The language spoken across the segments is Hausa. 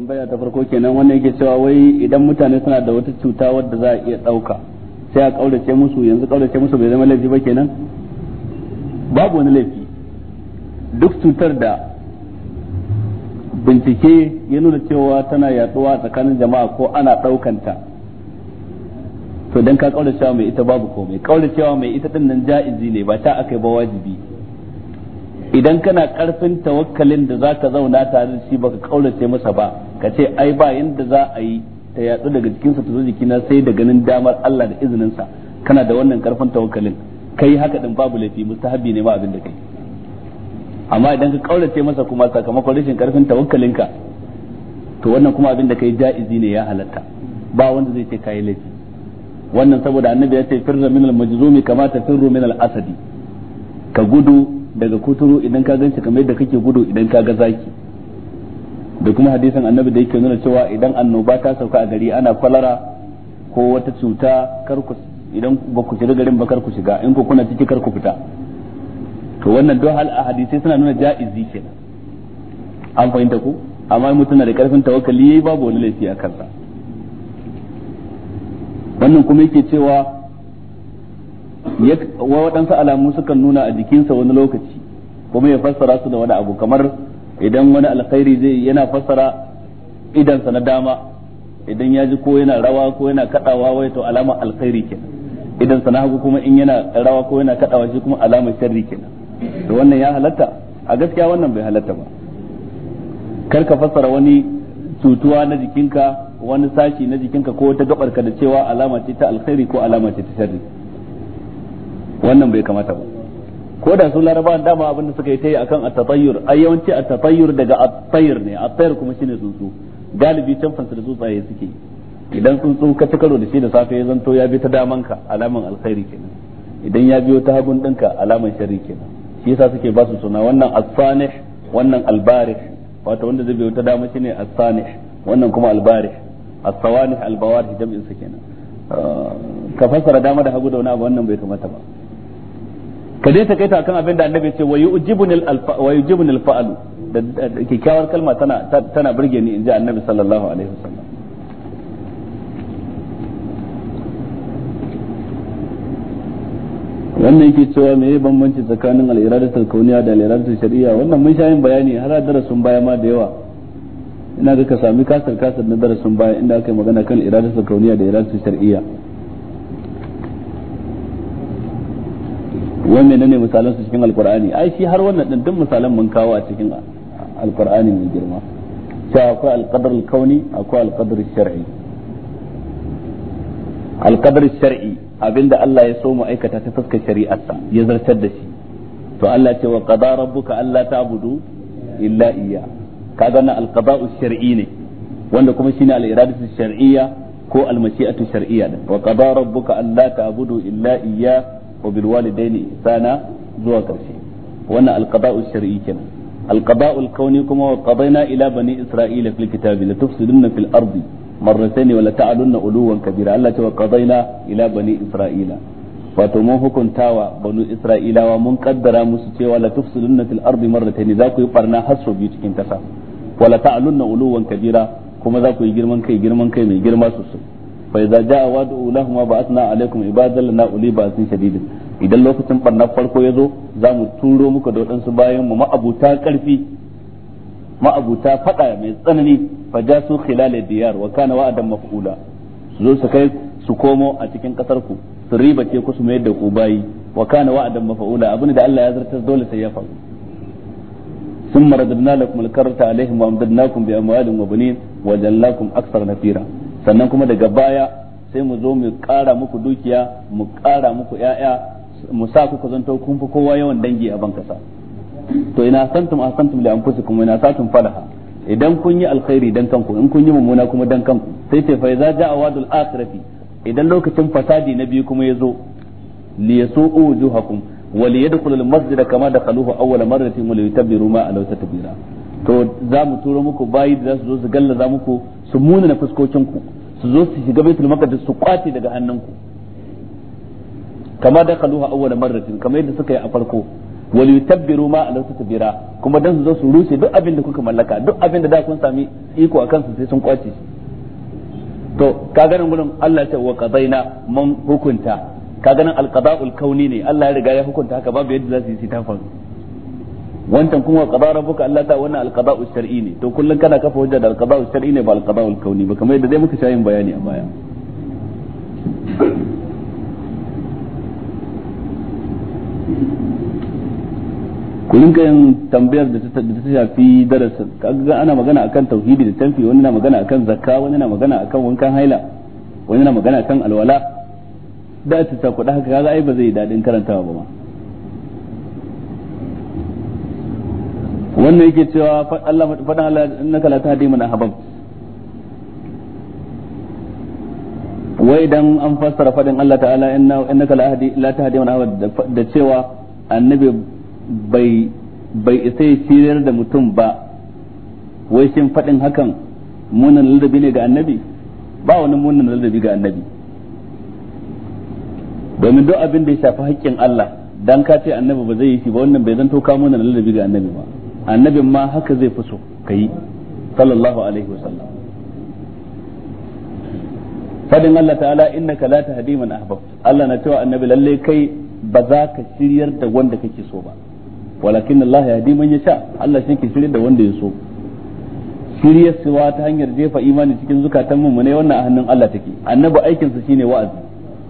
tambaya ta farko kenan wannan yake cewa wai idan mutane suna da wata cuta wadda za a iya ɗauka sai a ƙaurace musu yanzu ƙaurace musu bai zama laifi ba kenan babu wani laifi duk cutar da bincike ya nuna cewa tana yaduwa tsakanin jama'a ko ana ɗaukanta to dan ka ƙauracewa mai ita babu komai ƙauracewa mai ita din nan ja'izi ne ba ta akai ba wajibi idan kana karfin tawakkalin da zaka zauna tare da shi baka ƙaurace masa ba ka ce ai ba yadda za a yi ta yatsu daga jikinsa ta zo jikina sai da ganin damar Allah da izininsa kana da wannan karfin tawakkalin kai haka din babu laifi mustahabi ne ma abin da kai amma idan ka kaurace masa kuma sakamakon rashin karfin tawakkalinka to wannan kuma abin da kai ja'izi ne ya halatta ba wanda zai ce kai laifi wannan saboda annabi ya ce firra min al-majzumi kama tafirru min al-asadi ka gudu daga kuturu idan ka ganci kamar yadda kake gudu idan ka ga zaki da kuma hadisin annabi da yake nuna cewa idan annoba ta sauka a gari ana kwalara ko wata cuta kar ku idan ba ku shiga garin ba kar ku shiga in ku kuna ciki kar ku fita to wannan don hal a hadisai suna nuna ja'izi kenan an fahimta ku amma mutum na da karfin tawakkali yayi babu wani laifi a kansa wannan kuma yake cewa waɗansu alamu sukan nuna a jikinsa wani lokaci kuma ya fassara su da wani abu kamar idan wani alkhairi zai yana fassara idansa na dama idan ya ji ko yana rawa ko yana kadawa wai to alama alkhairi kenan idansa na hagu kuma in yana rawa ko yana kadawa shi kuma alama sharri kenan to wannan ya halatta a gaskiya wannan bai halatta ba kar ka fassara wani cutuwa na jikinka wani sashi na jikinka ko wata ka da cewa alama ce ta alkhairi ko alama ce ta sharri wannan bai kamata ba ko da laraba da dama abin da suka yi tayi akan at-tatayyur ai yawanci at-tatayyur daga at-tayr ne at-tayr kuma shine tsuntsu galibi can fansa da tsuntsaye suke idan tsuntsu ka ci karo da shi da safe ya zanto ya bi ta daman ka alaman alkhairi kenan idan ya biyo ta hagun dinka alaman sharri kenan shi yasa suke ba su suna wannan as-sanih wannan al-barih wato wanda zai biyo ta dama shine as-sanih wannan kuma al-barih as-sawanih al-bawarih jam'in sa kenan ah, ka fassara dama da hagu da wani abu wannan bai kamata ba ka dai takaita akan abin da annabi ce wa yujibunil alfa wa yujibunil fa'al da kyakkyawar kalma tana tana burge ni inji annabi sallallahu alaihi wasallam wannan yake cewa me bambanci tsakanin al-iradatul kauniya da al-iradatul shari'a wannan mun shayin bayani har a darasin baya ma da yawa ina ga ka sami kasar kasar na darasin baya inda aka yi magana kan iradatul kauniya da iradatul shar'iyya wai menene misalan su cikin alqur'ani ai shi har wannan din duk misalan mun kawo a cikin alqur'ani mai girma cewa akwai alqadar alkauni akwai alqadar shar'i alqadar shar'i abinda Allah ya so mu aikata ta fuskar shari'arsa ya zartar da shi to Allah ce wa qada rabbuka alla ta'budu illa iyya kaga na alqada'u shar'i ne wanda kuma shine al-iradatu shar'iyya ko al-mashi'atu shar'iyya wa qada rabbuka alla ta'budu illa iyya wa bil walidaini ihsana zuwa karshe wannan alqada'u shar'i kenan alqada'u kauni kuma wa qadayna ila bani isra'ila fil kitabi la tufsiduna fil ardi marratayn wa la ta'alunna uluwan kabira Allah ta wa qadayna ila bani isra'ila wato mun hukuntawa banu isra'ilawa mun kaddara musu cewa la tufsiduna fil ardi marratayn za ku yi barna har biyu cikin kasa wa kabira kuma za ku girman kai girman kai mai girma sosai fa idza jaa wa'du lahum ba'athna alaikum ibadan lana uli ba'sin shadidin idan lokacin barna farko ya zo za mu turo muka da waɗansu bayan mu ma'abuta ƙarfi ma'abuta faɗa mai tsanani fa ja su khilal diyar wa kana wa'adan maf'ula su zo su kai su komo a cikin ƙasar ku su riba ce ku su mayar da ku bayi wa kana wa'adan maf'ula abin da Allah ya zartar dole sai ya faru ثم رددنا لكم الكرة عليهم وأمددناكم بأموال وبنين وجعلناكم أكثر نفيرا sannan kuma daga baya sai mu zo mu ƙara muku dukiya mu ƙara muku ‘ya’ya mu sa ku zanto kun fi kowa yawan dangi a ban kasa to ina santum asantum li anfusikum ina satum falaha idan kun yi alkhairi dan kanku in kun yi mummuna kuma dan kanku sai ce fa idza jaa wadul akhirati idan lokacin fasadi na biyu kuma yazo li yasu'u wujuhakum wa li yadkhulul masjida kama dakhaluhu awwala marratin wa li yutabbiru ma alaw tatbira to za mu turo muku bayi da za su zo su gallaza muku su na fuskokinku su zo su shiga baitul maqdis su kwace daga hannunku kama da kaluha awwala marratin kama yadda suka yi a farko wal yutabbiru ma ala tatbira kuma dan su zo su rushe duk abin da kuka mallaka duk abin da da kun sami iko akan su sai sun kwace shi to kaga nan gurin Allah ya ce wa qadaina mun hukunta kaga nan al-qada'ul kauni ne Allah ya riga ya hukunta haka babu yadda za su yi sai wancan kuma qadara buka Allah ta wannan alqada ushar'i ne to kullun kana kafa hujja da alqada ushar'i ne ba alqada alkauni ba kamar yadda dai muka shayin bayani a baya kullun kan yin tambayar da ta shafi darasin kaga ana magana akan tauhidi da tanfi wani na magana akan zakka wani na magana akan wankan haila wani na magana akan alwala da ta ta kuɗa haka kaga ai ba zai daɗin karantawa ba ma wannan yake cewa Allah fadan Allah na la tahdi mana ahbab wai dan an fassara faɗin Allah ta'ala innaka la hadi la tahdi man ahbab da cewa annabi bai bai isa ya da mutum ba wai shin faɗin hakan munan ladabi ne ga annabi ba wani munan ladabi ga annabi domin duk abin da ya shafi haƙƙin Allah dan ka ce annabi ba zai yi shi ba wannan bai zanto ka munan ladabi ga annabi ba annabin ma haka zai fi so ka yi sallallahu alaihi wasallam fadin Allah ta'ala innaka la tahdi man ahbab Allah na cewa annabi lalle kai ba za ka shiryar da wanda kake so ba walakin Allah ya hadi man yasha Allah shi ke shiryar da wanda ya so shiryar suwa ta hanyar jefa imani cikin zukatan mu ne wannan a hannun Allah take annabi aikin sa shine wa'azi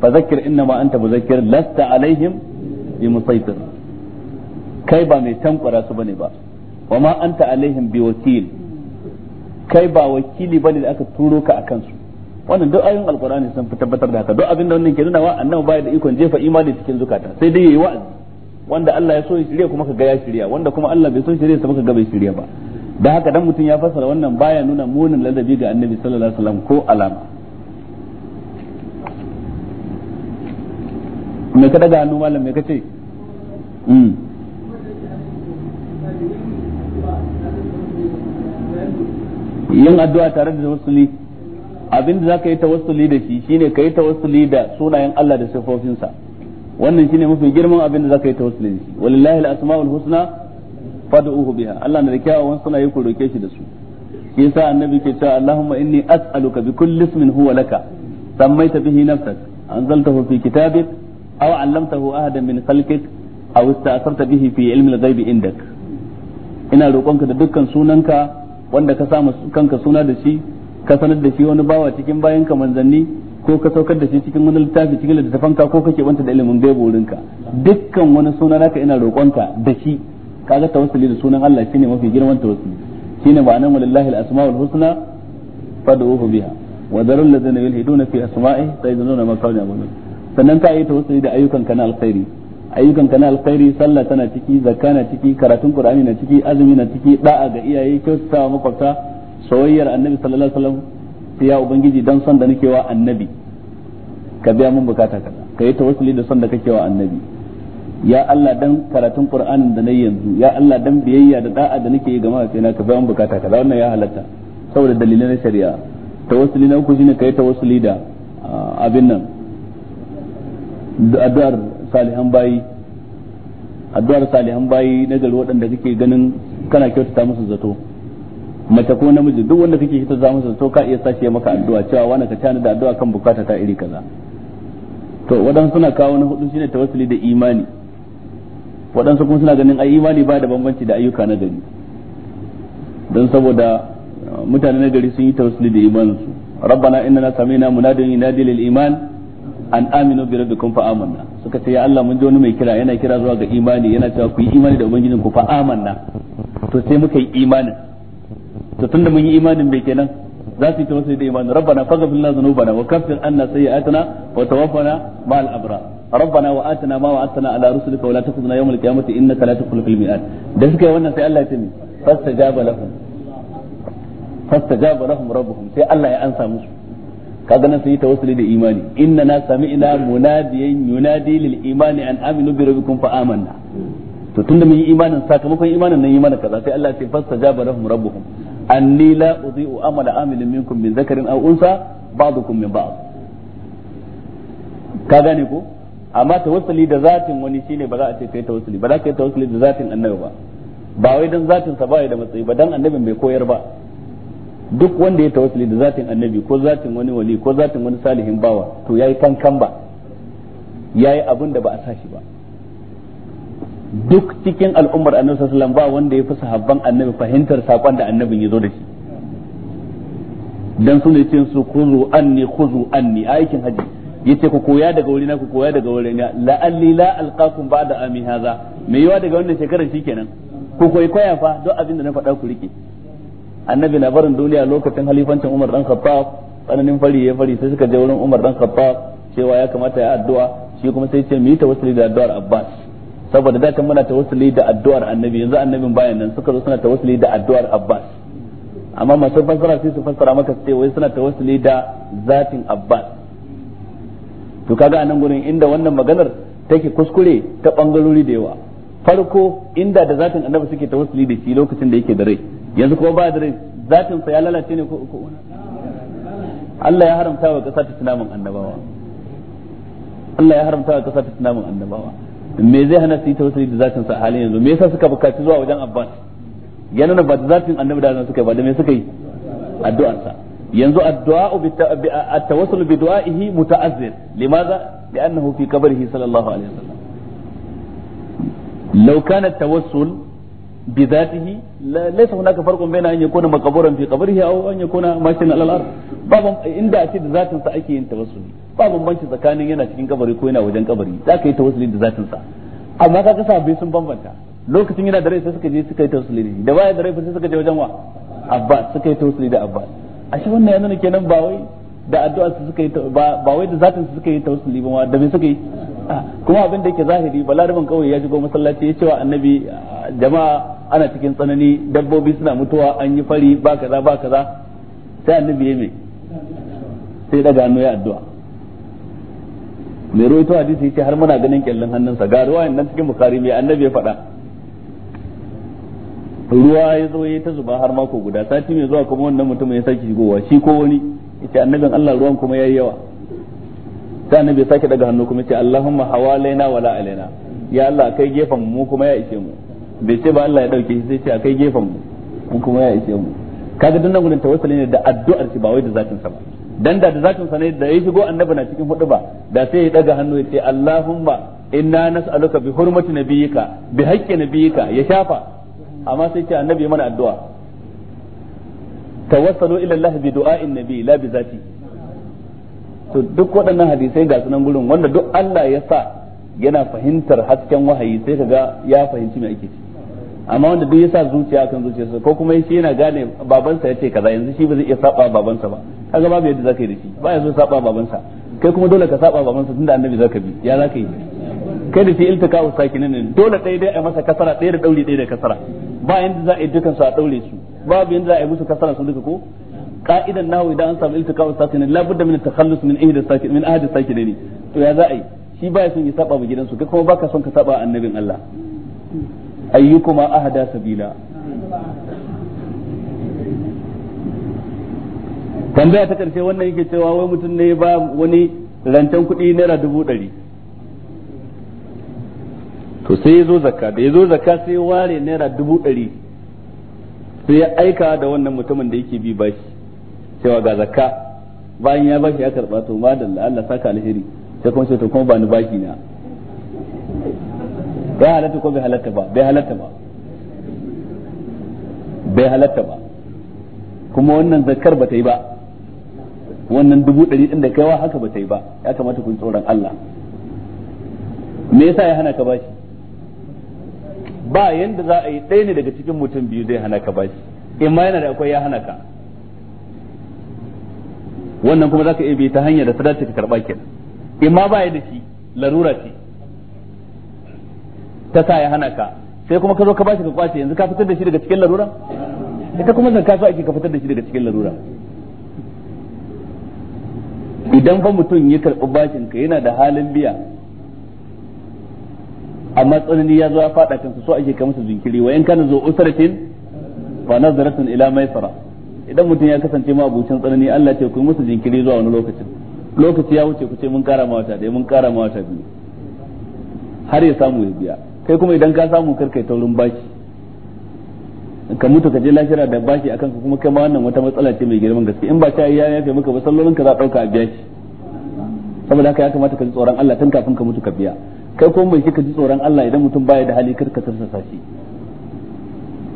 fa zakkir inna ma anta muzakkir lasta alaihim bi musaitir kai ba mai tankwara su bane ba wa ma anta alaihim biwakil kai ba wakili bane da aka turo ka akan su wannan duk ayoyin alqur'ani sun fi tabbatar da haka duk abin da wannan ke nuna wa annabi baya da ikon jefa imani cikin zukata sai dai yayi wa'azi wanda Allah ya so ya shirya kuma ka ga ya shirya wanda kuma Allah bai so shirya sa ka ga bai shirya ba da haka dan mutum ya fassara wannan baya nuna munin ladabi ga annabi sallallahu alaihi wasallam ko alama me ka daga hannu malam me kace mm yin addu'a tare da tawassuli abin da zaka yi tawassuli da shi shine ka yi tawassuli da sunayen Allah da sifofinsa wannan shine mafi girman abin da zaka yi tawassuli da shi walillahi al-asmaul husna fad'uhu biha Allah na da kyawawan sunaye ku roke shi da su shi yasa annabi ke cewa Allahumma inni as'aluka bi kulli ismin huwa laka sammaita bihi nafsak anzaltahu fi kitabik aw 'allamtahu ahadan min khalqik aw ista'sarta bihi fi ilmi al-ghaibi indak ina roƙonka da dukkan sunanka wanda ka samu kanka suna da shi ka sanar da shi wani bawa cikin bayan ka manzanni ko ka saukar da shi cikin wani littafi cikin ka ko kake banta da ilimin gaibo wurinka dukkan wani suna naka ina roƙonka da shi kaga tawassuli da sunan Allah shine mafi girman tawassuli shine ba ma'anar walillahi al-asmaul husna fad'uhu biha wa darul ladzina yulhiduna fi asma'i sayyiduna ma kanu yamun sannan ka yi tawassuli da ayyukan kana alkhairi ayyukan kana alkhairi sallah tana ciki zakka na ciki karatun qur'ani na ciki azumi na ciki da'a ga iyaye kyautatawa makwabta soyayyar annabi sallallahu alaihi wasallam ya ubangiji dan son da nake wa annabi ka biya mun bukata ka ka yi tawassuli da son da kake wa annabi ya Allah dan karatun qur'anin da nayi yanzu ya Allah dan biyayya da da'a da nake yi ga mahaifina ka biya mun bukata ka wannan ya halatta saboda dalilan na shari'a tawassuli na uku shine ka yi tawassuli da ah, abin nan addu'ar salihan bayi addu'ar salihan bayi na gari waɗanda kake ganin kana kyautata musu zato mace ko namiji duk wanda kake kyautata musu zato ka iya sace maka addu'a cewa wani ka tana da addu'a kan bukata ta iri kaza to waɗansu suna kawo na hudu shine tawassuli da imani waɗansu kuma suna ganin ai imani ba da bambanci da ayyuka na gari don saboda mutane na gari sun yi tawassuli da imaninsu rabbana inna sami'na munadin yunadi lil iman an aminu bi rabbikum fa amanna suka ce ya Allah mun ji wani mai kira yana kira zuwa ga imani yana cewa ku yi imani da ubangijin ku fa amanna to sai muka yi imanin to tunda mun yi imanin bai kenan za su yi ta wasu da imanin rabbana faghfir lana dhunubana wa kaffir anna sayyi'atina wa tawaffana ma'al abrar ربنا واتنا ما وعدتنا على رسلك ولا تخزنا يوم القيامه انك لا تخلف الميعاد da suka yi wannan sai Allah ya ce fastajaba lahum fastajaba lahum rabbuhum sai Allah ya ansa musu kaga nan sun yi tawassuli da imani inna na sami'na munadiyan yunadi lil imani an aminu bi rabbikum fa amanna to tunda mun yi imanin sakamakon imanin nan yi mana kaza sai Allah ya ce fastajaba lahum rabbuhum anni la udhi'u amala amilin minkum min zakarin aw unsa ba'dukum min ba'd ka gane ko amma tawassuli da zatin wani shine ba za a ce kai tawassuli ba za ka yi tawassuli da zatin annabi ba ba wai dan zatin sa ba ya da matsayi ba dan annabin bai koyar ba duk wanda ya tawassuli da zatin annabi ko zatin wani wali ko zatin wani salihin bawa to yayi kankan ba yayi abin da ba a sashi ba duk cikin al'ummar annabi sallallahu ba wanda ya fi sahabban annabi fahimtar sakon da annabin ya zo da shi dan ne cin su kuzu anni khuzu anni aikin haji yace ku koya daga wurina ku koya daga wurina la'alli la alqakum ba'da ami hadha me yawa daga wannan shekarar shikenan ku koyi koya fa duk abin da na faɗa ku rike annabi na barin duniya lokacin halifancin Umar dan Khattab tsananin fari ya fari sai suka je wurin Umar dan Khattab cewa ya kamata ya addu'a shi kuma sai ce mu yi tawassuli da addu'ar Abbas saboda da ta muna tawassuli da addu'ar annabi yanzu annabin bayan nan suka zo suna tawassuli da addu'ar Abbas amma masu fassara sai su fassara maka su ce wai suna tawassuli da zatin Abbas to kaga anan gurin inda wannan maganar take kuskure ta bangarori da yawa farko inda da zatin annabi suke tawassuli da shi lokacin da yake da rai yanzu ko ba da rai zatin sa ya lalace ne ko ko Allah ya haramta wa kasa ta tunamin annabawa Allah ya haramta wa kasa ta tunamin annabawa me zai hana su yi tawassuli da zatin sa a halin yanzu me yasa suka bukaci zuwa wajen Abbas ya na ba da zatin annabi da suka ba da me suka yi addu'ar sa yanzu addu'a at-tawassul bi du'a'ihi muta'azzir limaza li'annahu fi qabrihi sallallahu alaihi wasallam law kana at-tawassul بذاته لا ليس هناك فرق بين ان يكون مقبورا في قبره او ان يكون ماشيا على الارض باب عند اتي ذاتن sa ake yin tawassuli babu banci tsakanin yana cikin kabari ko yana wajen kabari za ka yi tawassuli da zatin sa amma kaga sahabbai sun bambanta lokacin yana da rai sai suka je suka yi tawassuli da da baya da rai sai suka je wajen wa abbas suka yi tawassuli da abbas ashe wannan yana nuna kenan ba wai da addu'a su suka yi ba wai da zatin su suka yi tawassuli ba da me suka yi kuma abin da yake zahiri balarabin kawai ya shigo masallaci ya cewa annabi jama'a ana cikin tsanani dabbobi suna mutuwa an yi fari ba kaza ba kaza sai annabi ya mai sai daga hannu ya addu'a mai ruwaito hadisi ya ce har muna ganin kyallin hannunsa ga ruwayan nan cikin bukari mai annabi ya faɗa ruwa ya zo ya ta zuba har mako guda sati mai zuwa kuma wannan mutumin ya sake shigowa shi ko wani ita annabin allah ruwan kuma ya yi yawa sai annabi sake daga hannu kuma ce Allahumma hawalaina wala alaina ya Allah kai gefen mu kuma ya ishe mu bai ce ba Allah ya dauke shi sai ce kai gefen mu mu kuma ya ishe mu kaga dan nan gurin tawassuli ne da addu'ar shi ba wai da zatin sa ba dan da da zatin sa ne da yayi shigo annabi na cikin hudu ba da sai ya daga hannu ya ce Allahumma inna nas'aluka bi hurmati nabiyyika bi haqqi nabiyyika ya shafa amma sai ce annabi mana addu'a tawassalu ila Allah bi du'a'in nabiy la bi zati to duk waɗannan hadisai ga sunan gurin wanda duk Allah ya sa yana fahimtar hasken wahayi sai kaga ya fahimci mai ake ci amma wanda duk ya sa zuciya kan zuciyarsa ko kuma shi yana gane babansa ya ce kaza yanzu shi ba zai iya saba babansa ba kaga babu yadda zaka yi da shi ba ya so saba babansa kai kuma dole ka saba babansa tunda annabi zaka bi ya zaka yi kai da shi iltika usakinin ne dole dai dai a masa kasara ɗaya da dauri ɗaya da kasara ba yanda za a yi dukan su a daure su babu yanda za a yi musu kasara su duka ko ka'idan nahu idan an samu wa sakin la budda min takhallus min ahdi sakin min ahdi ne to ya za a yi shi son ya saba gidan gidansu kai kuma baka son ka saba annabin Allah ayyukuma ahda sabila tambaya ta karshe wannan yake cewa wai mutum ne ba wani rantan kuɗi naira dubu ɗari to sai ya zo zakka da ya zo zakka sai ya ware naira dubu ɗari sai ya aika da wannan mutumin da yake bi bashi cewa ga zakka bayan ya bashi ya karba to ma da Allah saka alheri sai kuma to kuma ba ni baki na ya halatta ko bai halatta ba bai halatta ba bai halatta ba kuma wannan zakkar ba ta yi ba wannan dubu ɗari ɗin da kaiwa haka ba ta yi ba ya kamata kun tsoron Allah me yasa ya hana ka bashi ba yanda za a yi ɗaya ne daga cikin mutum biyu zai hana ka bashi in ma yana da akwai ya hana ka wannan kuma zaka iya bi ta hanyar da ta dace ka karba kenan in ma baya da shi larura ce ta sa ya hana ka sai kuma ka zo ka bashi ka kwace yanzu ka fitar da shi daga cikin larura ita kuma zan kasu ake ka fitar da shi daga cikin larura idan ba mutum ya karɓi bashin ka yana da halin biya amma tsanani ya zo ya faɗa kansa so ake ka masa jinkiri wa in kana zo usratin fa nazaratun ila maisara idan mutum ya kasance ma abucin tsanani Allah ce ku musu jinkiri zuwa wani lokacin lokaci ya wuce ku ce mun kara mawata wata mun kara mawata biyu har ya samu ya biya kai kuma idan ka samu kar kai taurin bashi ka mutu ka je lafiya da bashi akan ka kuma kai ma wannan wata matsala ce mai girman gaske in ba ta yi ya yafe maka ba sallolin ka za ɗauka a biya shi saboda haka ya kamata ka ji tsoron Allah tun kafin ka mutu ka biya kai kuma mai ka ji tsoron Allah idan mutum baya da hali kar ka tarsasa shi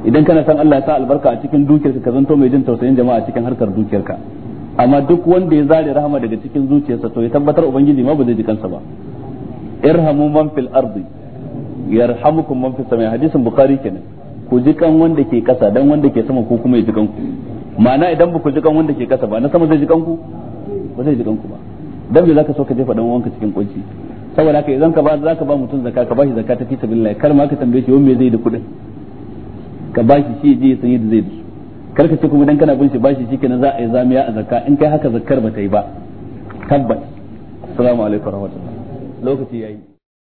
idan kana san Allah ya sa albarka a cikin dukiyarka ka zanto mai jin tausayin jama'a a cikin harkar dukiyarka amma duk wanda ya zare rahama daga cikin zuciyarsa to ya tabbatar ubangiji ma ba zai ji kansa ba irhamu man fil ardi yarhamukum man fis samai hadisin bukhari kenan ku ji kan wanda ke kasa dan wanda ke sama ko kuma ya ji kanku ma'ana idan ba ku ji kan wanda ke kasa ba na sama zai ji kanku ba zai ji kanku ba dan me zaka so ka jefa dan uwanka cikin kunci saboda haka idan ka ba zaka ba mutum zakka ka bashi zakka ta fi sabilillah kar ma ka tambaye shi wanne zai da kudin ka bashi shi je ya da zai da kar ka ce kuma dan kana bin shi shi shikenan za a yi zamiya a zakka in kai haka zakkar ba ta yi ba tabbas assalamu alaikum warahmatullahi lokaci yayi